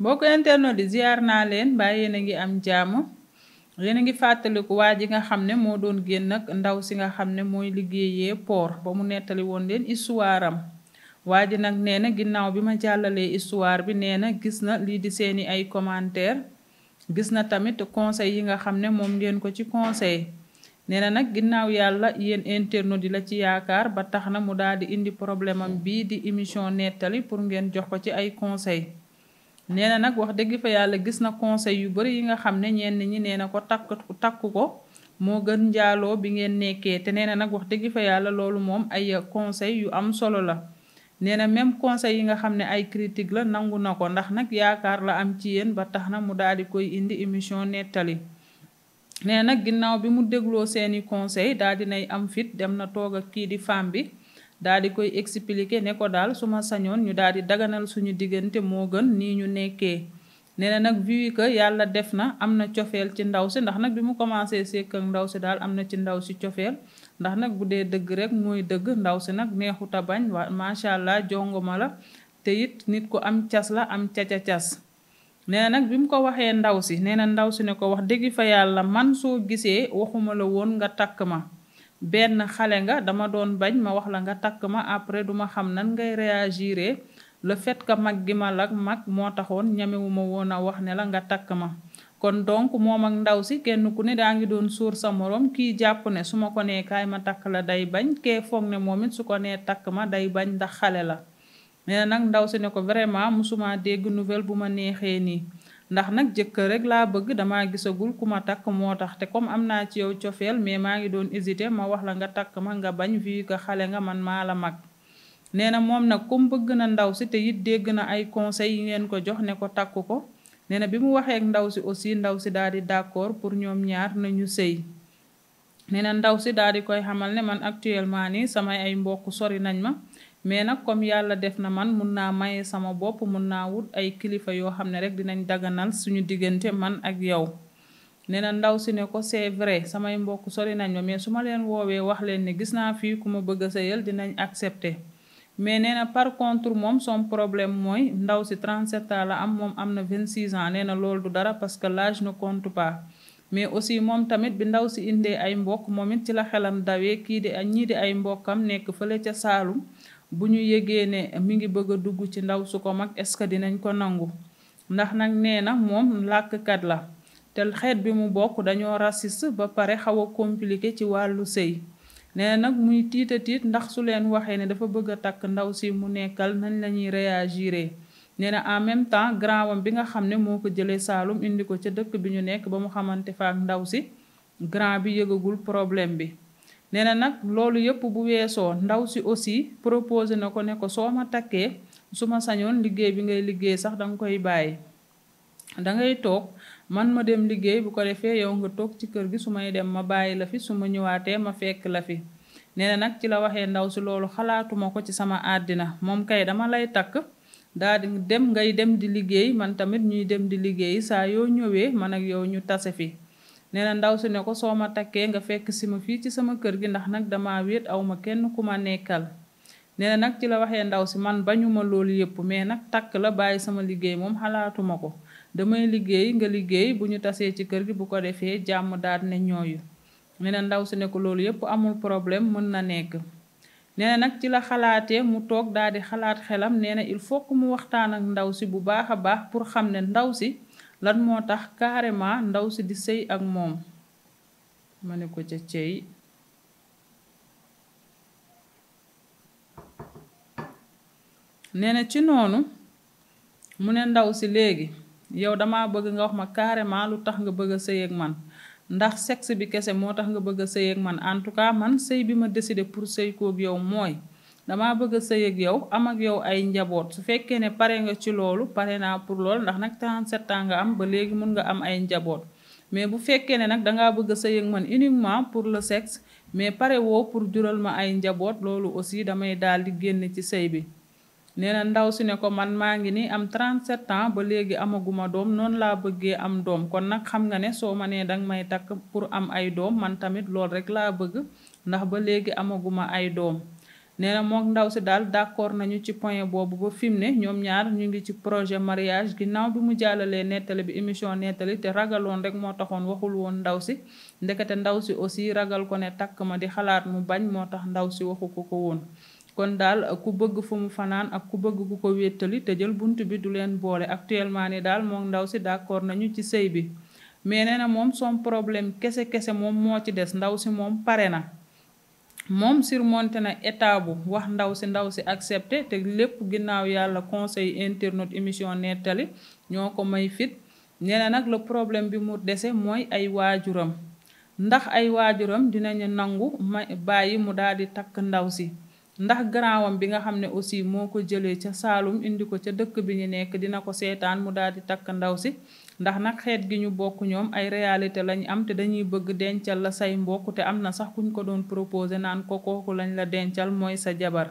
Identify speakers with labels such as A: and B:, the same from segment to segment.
A: boo mbokk internet di ziar naa leen mbaa yéen a ngi am jàmm yéen a ngi fàttaliku waa ji nga xam ne moo doon génn ndaw si nga xam ne mooy liggéeyee poor ba mu nettali woon leen histoire am waa ji nag nee na ginnaaw bi ma jàllalee histoire bi nee na gis na lii di seeni ay commentaire gis na tamit conseil yi nga xam ne moom ngeen ko ci conseil nee na nag ginnaaw yàlla yéen internet di la ci yaakaar ba tax na mu daal di indi problème am bii di émission nettali pour ngeen jox ko ci ay conseil nee na nag wax dëgg fa yàlla gis na conseil yu bari yi nga xam ne ñenn ñi nee na ko takk takk ko moo gën njaaloo bi ngeen nekkee te nee na nag wax dëgg fa yàlla loolu moom ay conseil yu am solo la nee na même conseil yi nga xam ne ay critique la nangu na ko ndax nag yaakaar la am ci yéen ba tax na mu daal di koy indi émission nettali nee na nag ginnaaw bi mu dégloo seeni conseil daal dinay am fit dem na toog ak kii di femme bi daal di koy expliquer ne ko daal su ma sañoon ñu daal di daganal suñu diggante moo gën nii ñu nekkee nee na nag vu yàlla def na am na cofeel ci ndaw si ndax nag bi mu commencé sekk ndaw si daal am na ci ndaw si cofeel ndax nag bu dee dëgg rek mooy dëgg ndaw si nag neexut a bañ macha allah jongoma la te it nit ku am cas la am caca cas. nee nag bi ko waxee ndaw si nee na ndaw si ne ko wax dégg fa yàlla man soo gisee waxuma la woon nga takk ma. benn xale nga dama doon bañ ma wax la nga takk ma après duma xam nan ngay réagir le fait que mag gi ma lag mag moo taxoon ñamewuma woon a wax ne la nga takk ma kon donc moom ak ndaw si kenn ku ne daa ngi doon suur sa morom kii jàpp ne su ma ko nee kaay ma takk la day bañ kee foog ne moom it su ko nee takk ma day bañ ndax xale la nee nag ndaw si ne ko vraiment musuma dégg nouvelle bu ma neexee nii ndax nag jëkkër rek laa bëgg dama gisagul ku ma takk moo tax te comme am naa ci yow cofeel mais maa ngi doon hésité ma wax la nga takk ma nga bañ vu ko xale nga man maa la mag nee na moom nag comme bëgg na ndaw si te it dégg na ay conseils yi ngeen ko jox ne ko takk ko nee na bi mu waxee ndaw si aussi ndaw si daal di d'accord pour ñoom ñaar nañu sëy nee na ndaw si daal di koy xamal ne man actuellement nii samay ay mbokk sori nañ ma mais nag comme yàlla def na man mun naa maye sama bopp mun naa wut ay kilifa yoo xam ne rek dinañ daganal suñu diggante man ak yow nee na ndaw si ne ko c'est vrai samay mbokk sori nañ ma mais su ma leen woowee wax leen ne gis naa fii ku ma bëgg a sëyal dinañ accepter mais nee na par contre moom son problème mooy ndaw si 37 ans la am moom am na 26 ans nee na lool du dara parce que l'âge na compte pas mais aussi moom tamit bi ndaw si indee ay mbokk moom it ci la xelam dawee kii di ñii di ay mbokkam nekk fële ca Saalum bu ñu yëgee ne mi ngi bëgg a dugg ci ndaw su ko mag est-ce que dinañ ko nangu ndax nag nee na moom làkkat la te xeet bi mu bokk dañoo raciste ba pare xaw a compliqué ci wàllu sëy nee nag muy tiita tiit ndax su leen waxee ne dafa bëgg a takk ndaw si mu nekkal nañ la ñuy réagiré nee na en même temps grand wam bi nga xam ne moo ko jëlee Saalum indi ko ca dëkk bi ñu nekk ba mu xamante fa ndaw si grand bi yëgagul problème bi nee na nag loolu yëpp bu weesoo ndaw si aussi proposé na ko ne ko soo ma takkee su ma sañoon liggéey bi ngay liggéey sax danga koy bàyyi dangay toog man ma dem liggéey bu ko defee yow nga toog ci kër gi su may dem ma bàyyi la fi su ma ñëwaatee ma fekk la fi nee nag ci la waxee ndaw si loolu xalaatuma ko ci sama àddina moom kay dama lay takk daa di dem ngay dem di liggéey man tamit ñuy dem di liggéey saa yoo ñëwee man ak yow ñu tase fi nee na ndaw si ne ko soo ma takkee nga fekk si ma fii ci sama kër gi ndax nag dama wéet aw ma kenn ku ma nekkal nee nag ci la waxee ndaw si man bañuma loolu yëpp mais nag takk la bàyyi sama liggéey moom xalaatuma ko damay liggéey nga liggéey bu ñu tasee ci kër gi bu ko defee jàmm daal ne ñooyu nee na ndaw si ne ko loolu yëpp amul problème mën na nekk nee nag ci la xalaatee mu toog daal di xalaat xelam nee na il faut mu waxtaan ak ndaw si bu baax a baax pour xam ne ndaw si lan moo tax carrément ndaw si di sëy ak moom ma ne ko ca cey nee na ci noonu mu ne ndaw si léegi yow dama bëgg nga wax ma carrément lu tax nga bëgg a sëy ak man ndax sexe bi kese moo tax nga bëgg a sëy ak man en tout cas man sëy bi ma décidé pour sëy koog yow mooy damaa bëgg a sëy yow amag yow ay njaboot su fekkee ne pare nga ci loolu pare naa pour lool ndax nag 37 ans nga am ba léegi mun nga am ay njaboot mais bu fekkee ne nag dangaa bëgg a sëy man uniquement pour le sexe mais pare woo pour jural ma ay njaboot loolu aussi damay daal di génn ci sëy bi nee na ndaw si ne ko man maa ngi ni am 37 ans ba léegi amaguma doom noonu laa bëggee am doom kon nag xam nga ne soo ma nee danga may takk pour am ay doom man tamit loolu rek laa bëgg ndax ba léegi amaguma ay doom nee na mook ndaw si daal d'accord nañu ci point boobu ba fi mu ne ñoom ñaar ñu ngi ci projet mariage naaw bi mu jàllalee nettali bi émission nettali te ragaloon rek moo taxoon waxul woon ndaw si ndekete ndaw si aussi ragal ko ne takk ma di xalaat mu bañ moo tax ndaw si waxu ko ko woon kon daal ku bëgg fu fanaan ak ku bëgg ko wéttali te jël bunt bi du leen boole actuellement ni daal moog ndaw si d'accord nañu ci sëy bi mais nee na moom som problème kese kese moom moo ci des ndaw si moom pare na moom surmonté na état bu wax ndaw si ndaw si accepté te lépp ginnaaw yàlla conseil internet émission nettali ñoo ko may fit nee nag la problème bi mu desee mooy ay waajuram ndax ay waajuram dinañu nangu ma bàyyi mu daal di takk ndaw si ndax garaawam bi nga xam ne aussi moo ko jëlee ca Saalum indi ko ca dëkk bi ñu nekk dina ko seetaan mu daal di takk ndaw si ndax nag xeet gi ñu bokk ñoom ay réalité lañ am te dañuy bëgg dencal la say mbokk te am na sax kuñ ko doon proposé naan ko kooku lañ la dencal mooy sa jabar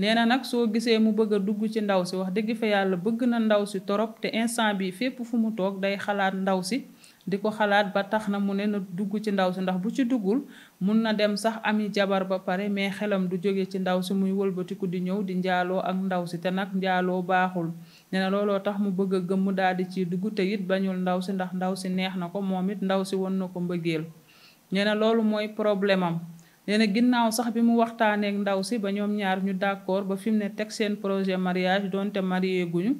A: nee na nag soo gisee mu bëgg a dugg ci ndaw si wax dëgg fa yàlla bëgg na ndaw si torop te instant bi fépp fu mu toog day xalaat ndaw si di ko xalaat ba tax na mu ne na dugg ci ndaw si ndax bu ci duggul mun na dem sax ami jabar ba pare mais xelam du jóge ci ndaw si muy wëlbatiku di ñëw di njaaloo ak ndaw si te nag njaaloo baaxul nee looloo tax mu bëgg a gëm daal di ciy dugg te bañul ndaw si ndax ndaw si neex na ko moom it ndaw si won na ko mbëggeel nee na loolu mooy problème am nee na ginnaaw sax bi mu waxtaaneek ndaw si ba ñoom ñaar ñu d'accord ba fi mu ne teg seen projet mariage donte marié guñu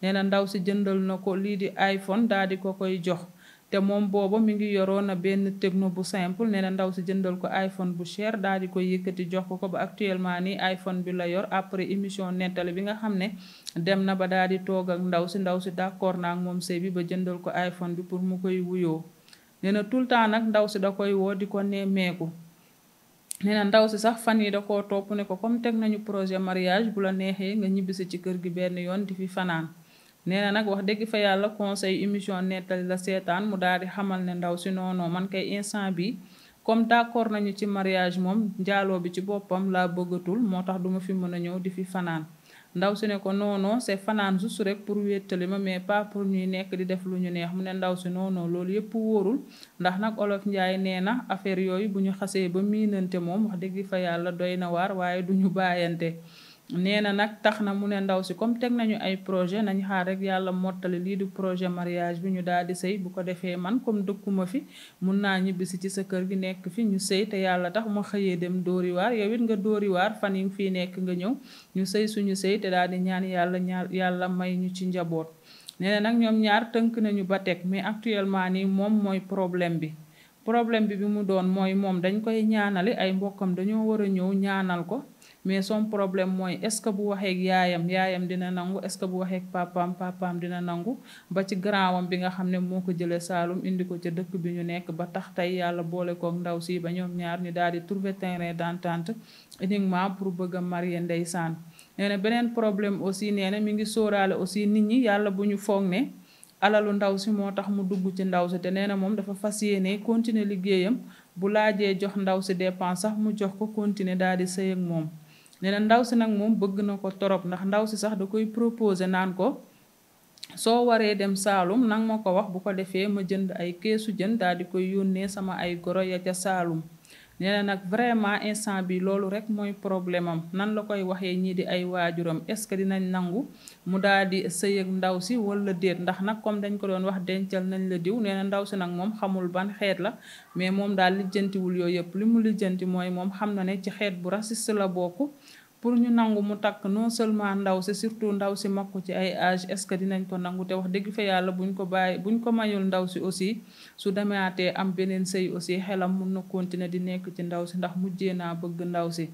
A: nee na ndaw si jëndal na ko lii di iPhone daal di ko koy jox te moom booba mi ngi yoroon benn techno bu simple nee na ndaw si jëndal ko iPhone bu cher daal di ko yëkkati jox ko ko ba actuellement nii iPhone bi la yor après émission nettali bi nga xam ne dem na ba daal di toog ak ndaw si ndaw si d'accord naa ak moom sëy bi ba jëndal ko iPhone bi pour mu koy wuyoo nee na tout le temps nag ndaw si da koy woo di ko nemmeeku. nee na ndaw si sax fan yi da ko topp ne ko comme teg nañu projet mariage bu la neexee nga ñibbisi ci kër gi benn yoon di fi fanaan. nee na nag wax dëgg fa yàlla conseil émission nettali la seetaan mu daal di xamal ne ndaw si noonoo man kay instant bi comme d'accord nañu ci mariage moom njaaloo bi ci boppam laa bëggatul moo tax duma fi mën a ñëw di fi fanaan ndaw si ne ko noonoo c'est fanaan juste rek pour wéttali ma mais pas pour ñuy nekk di def lu ñu neex mu ne ndaw si noonoo loolu yëpp wóorul ndax nag olof njaay nee na affaire yooyu bu ñu xasee ba miinante moom wax dëgg fa yàlla doy na waar waaye duñu bàyyante nee na nag tax na mu ne ndaw si comme teg nañu ay projet nañu xaar rek yàlla mottali lii di projet mariage bi ñu daal di sëy bu ko defee man comme dëkkuma fi mun naa ñibbisi ci sa kër gi nekk fi ñu sëy te yàlla tax ma xëyee dem dóoriwaar yow it nga dóoriwaar fan yi fii nekk nga ñëw ñu sëy suñu sëy te daal di ñaan yàlla ñaar yàlla may ñu ci njaboot nee nag ñoom ñaar tënk nañu ba teg mais actuellement nii moom mooy problème bi problème bi mu doon mooy moom dañ koy ñaanali ay mbokkam dañoo war a ñëw ñaanal ko mais son problème mooy est-ce que bu waxeeg yaayam yaayam dina nangu est bu waxeek pàppam papaam dina nangu ba ci garaawam bi nga xam ne moo ko jëlee Saalum indi ko ca dëkk bi ñu nekk ba tax tey yàlla boole kook ndaw si ba ñoom ñaar ñi daal di trouver terrain d'entente uniquement pour bëgg a marier ndeysaan nee beneen problème aussi nee na mi ngi sóoraale aussi nit ñi yàlla bu ñu foog ne alalu ndaw si moo tax mu dugg ci ndaw si te nee na moom dafa fas yéene continuer liggéeyam bu laajee jox ndaw si dépense sax mu jox ko continuer daal di sëy moom ne ndaw si nag moom bëgg na ko torop ndax ndaw si sax da koy proposé naan ko soo waree dem Saalum nang ma ko wax bu ko defee ma jënd ay keesu jën daal di koy yónnee sama ay goro ya ca Saalum nee nag vraiment instant bi loolu rek mooy problème am nan la koy waxee ñii di ay waajuram est ce que dinañ nangu mu daal di sëy ak ndaw si wala déet ndax nag comme dañ ko doon wax dencal nañ la diw nee ndaw si nag moom xamul ban xeet la mais moom daal lijjantiwul yooyu yëpp li mu lijjanti mooy moom xam na ne ci xeet bu raciste la bokk pour ñu nangu mu takk non seulement ndaw si surtout ndaw si mag ko ci ay âge est-ce que dinañ ko nangu te wax dégg fa yàlla buñ ko bàyyi buñ ko mayul ndaw si aussi su demaatee am beneen sëy aussi xelam mun na continuer di nekk ci ndaw si ndax mujjee naa bëgg ndaw si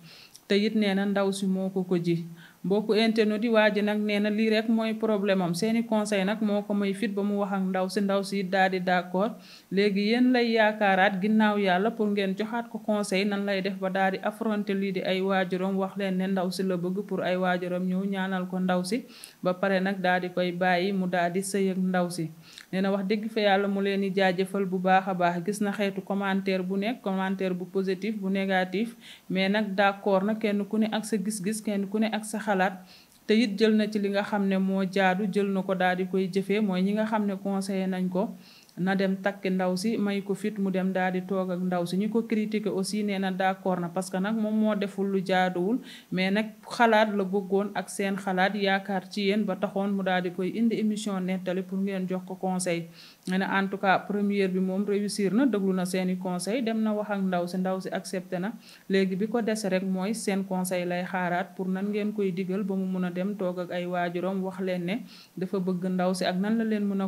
A: te it ndaw si moo ko ko ji mbokku internet yi waa ji nag nee na lii rek mooy problème am seeni conseil nag moo ko may fit ba mu wax ak ndaw si ndaw si daal di d'accord léegi yéen lay yaakaaraat ginnaaw yàlla pour ngeen joxaat ko conseil nan lay def ba daal di affronter lii di ay waajuram wax leen ne ndaw si la bëgg pour ay waajuram ñëw ñaanal ko ndaw si ba pare nag dal di koy bàyyi mu dal di sëy ak ndaw si nee na wax dëgg fa yàlla mu leen di jaajëfal bu baax a baax gis na xeetu commentaire bu nekk bu positif bu négatif mais laat te it jël na ci li nga xam ne moo jaadu jël na ko daal di koy jëfee mooy ñi nga xam ne conseillé nañ ko na dem takk ndaw si may ko fit mu dem daal di toog ak ndaw si ñu ko critiqué aussi nee na d'accord na parce que nag moom moo deful lu jaaduwul mais nag xalaat la bëggoon ak seen xalaat yaakaar ci yéen ba taxoon mu daal di koy indi émission nettali pour ngeen jox ko conseil nee na en tout cas première bi moom réussir na déglu na seeni conseil dem na wax ak ndaw si ndaw si accepté na léegi bi ko desee rek mooy seen conseil lay xaaraat pour nan ngeen koy digal ba mu mun a dem toog ak ay waajuram wax leen ne dafa bëgg ndaw si ak nan la leen mën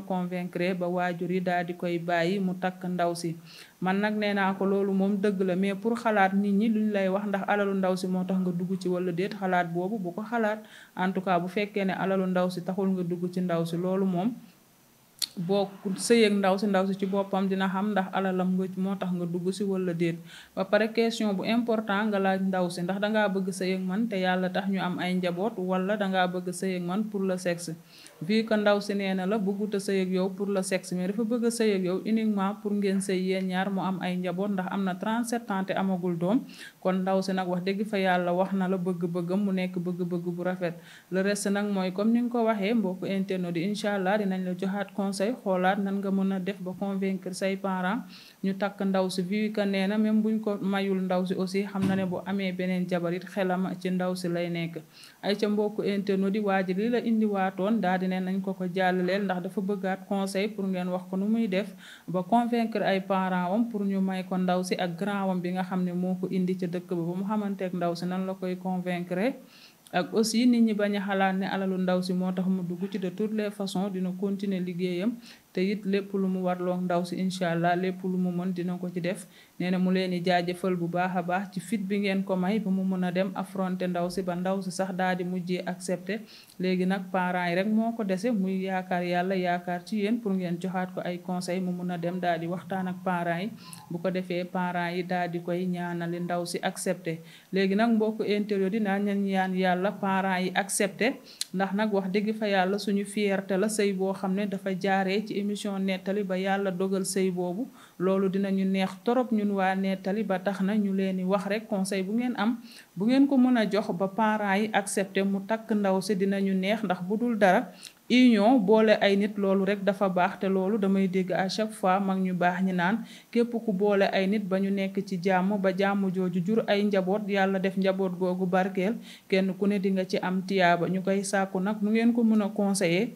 A: di koy bàyyi mu takk ndaw si man nag nee naa ko loolu moom dëgg la mais pour xalaat nit ñi luñ lay wax ndax alalu ndaw si moo tax nga dugg ci wala déet xalaat boobu bu ko xalaat en tout cas bu fekkee ne alalu ndaw si taxul nga dugg ci ndaw si loolu moom boo sëyeeg ndaw si ndaw si ci boppam dina xam ndax alalam nga moo tax nga dugg si wala déet ba pare question bu important nga laaj ndaw si ndax dangaa bëgg sëyeeg man te yàlla tax ñu am ay njaboot wala dangaa bëgg sëyeeg man pour le sexe vu que ndaw si nee na la bëggut a yow pour la sexe mais dafa bëgg a yow uniquement pour ngeen sëy yéen ñaar mu am ay njaboot ndax am na 37 ans te amagul doom kon ndaw si nag wax dëgg fa yàlla wax na la bëgg-bëggam mu nekk bëgg-bëgg bu rafet le reste nag mooy comme ni nga ko waxee mbokku internet di incha allah dinañ la joxaat conseil xoolaat nan nga mën a def ba convaincre say parent ñu takk ndaw si vu que nee na même buñ ko mayul ndaw si aussi xam na ne bu amee beneen jabar it ci ndaw si lay nekk ay ca mbokku internet di waa ji li la indiwaatoon daal di ne nañ ko ko jàllaleel ndax dafa bëggaat conseil pour ngeen wax ko nu muy def ba convaincre ay parents wam pour ñu may ko ndaw si ak grand wam bi nga xam ne moo ko indi ca dëkk ba ba mu xamanteek ndaw si nan la koy convaincre ak aussi nit ñi bañ a xalaat ne alalu ndaw si moo tax mu dugg ci de toutes les façons dina continuer liggéeyam te it lépp lu mu warloo ndaw si incha allah lépp lu mu mën dina ko ci def nee mu leen di jaajëfal bu baax a baax ci fit bi ngeen ko may ba mu mën a dem affronter ndaw si ba ndaw si sax daal di mujjee accepter léegi nag parents yi rek moo ko dese muy yaakaar yàlla yaakaar ci yéen pour ngeen joxaat ko ay conseil mu mun a dem daal di waxtaan ak parents yi bu ko defee parents yi daal di koy ñaanali ndaw si accepter léegi nag mbokk intérieur yi naa ñaan ñaan yàlla parents yi accepter ndax nag wax dëgg fa yàlla suñu fierté la sëy boo xam ne dafa jaaree ci émission nettali ba yàlla dogal sëy boobu loolu dina ñu neex torop ñun waa nettali ba tax na ñu leen di wax rek conseil bu ngeen am bu ngeen ko mën a jox ba parents yi ak accepté mu takk ndaw si ñu neex ndax bu dul dara union boole ay nit loolu rek dafa baax te loolu damay dégg à chaque fois mag ñu baax ñi naan képp ku boole ay nit ba ñu nekk ci jàmm ba jàmm jooju jur ay njaboot yàlla def njaboot googu barkeel kenn ku ne di nga ci am tiyaaba ñu nag nu ngeen ko mën a conseiller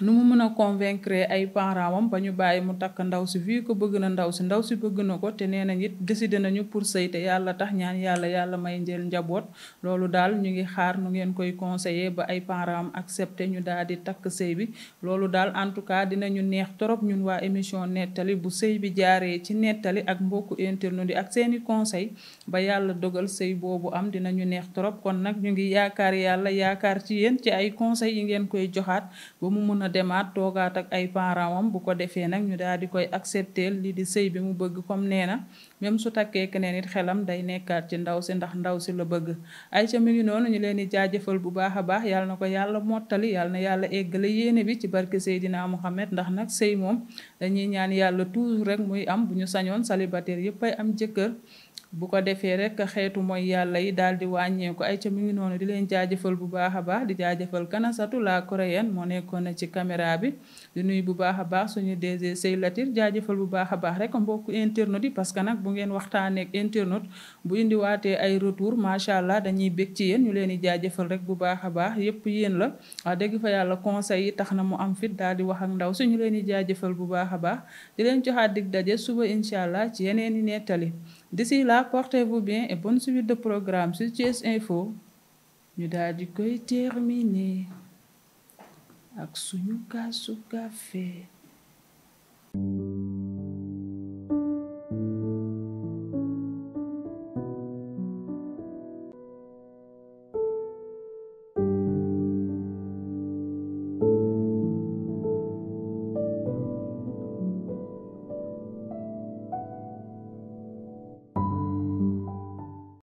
A: nu mu mën a convaincre ay parents am ba ñu bàyyi mu takk ndaw si fii ko bëgg na ndaw si ndaw si bëgg na ko te nee nañ it décidé nañu pour sëy te yàlla tax ñaan yàlla yàlla may njël njaboot loolu daal ñu ngi xaar nu ngeen koy conseiller ba ay parents am accepté ñu daal di takk sëy bi loolu daal en tout cas dinañu neex torop ñun waa émission nettali bu sëy bi jaaree ci nettali ak mbokku internet yi ak seeni conseil ba yàlla dogal sëy boobu am dina ñu neex torop kon nag ñu ngi yaakaar yàlla yaakaar ci yéen ci ay conseil yi ngeen koy joxaat ba mu mën demaat toogaat ak ay parents am bu ko defee nag ñu daal di koy accepter li di sëy bi mu bëgg comme nee na même su takkee keneen it xelam day nekkaat ci ndaw si ndax ndaw si la bëgg ay ca mi ngi ñu leen di jaajëfal bu baax a baax yàlla na ko yàlla mottali yàlla na yàlla eggale yéene bi ci barke Seydina Muhammad ndax nag sëy moom dañuy ñaan yàlla toujours rek muy am bu ñu sañoon célibataire yëpp ay am jëkkër bu ko defee rek xeetu mooy yàlla yi daal di wàññeeku ay ca mu ngi noonu di leen jaajëfal bu baax a baax di jaajëfal kanasatu la coréenne moo nekkoon na ci caméra bi di nuyu bu baax a baax suñu DG Sey Latir jaajëfal bu baax a baax rek mbokku internautes yi parce que nag bu ngeen waxtaanee ak bu indiwaatee ay retour macha allah dañuy bég ci yéen ñu leen di jaajëfal rek bu baax a baax yépp yéen la wax dëgg fa yàlla conseil yi tax na mu am fit daal di wax ak ndaw ñu leen di jaajëfal bu baax a baax di leen joxaat dig daje suba incha allah ci yeneen i nettali D'ici là, portez-vous bien et bon suite de programme sur Thiès Info. ñu daal di koy terminer ak suñu kaasu café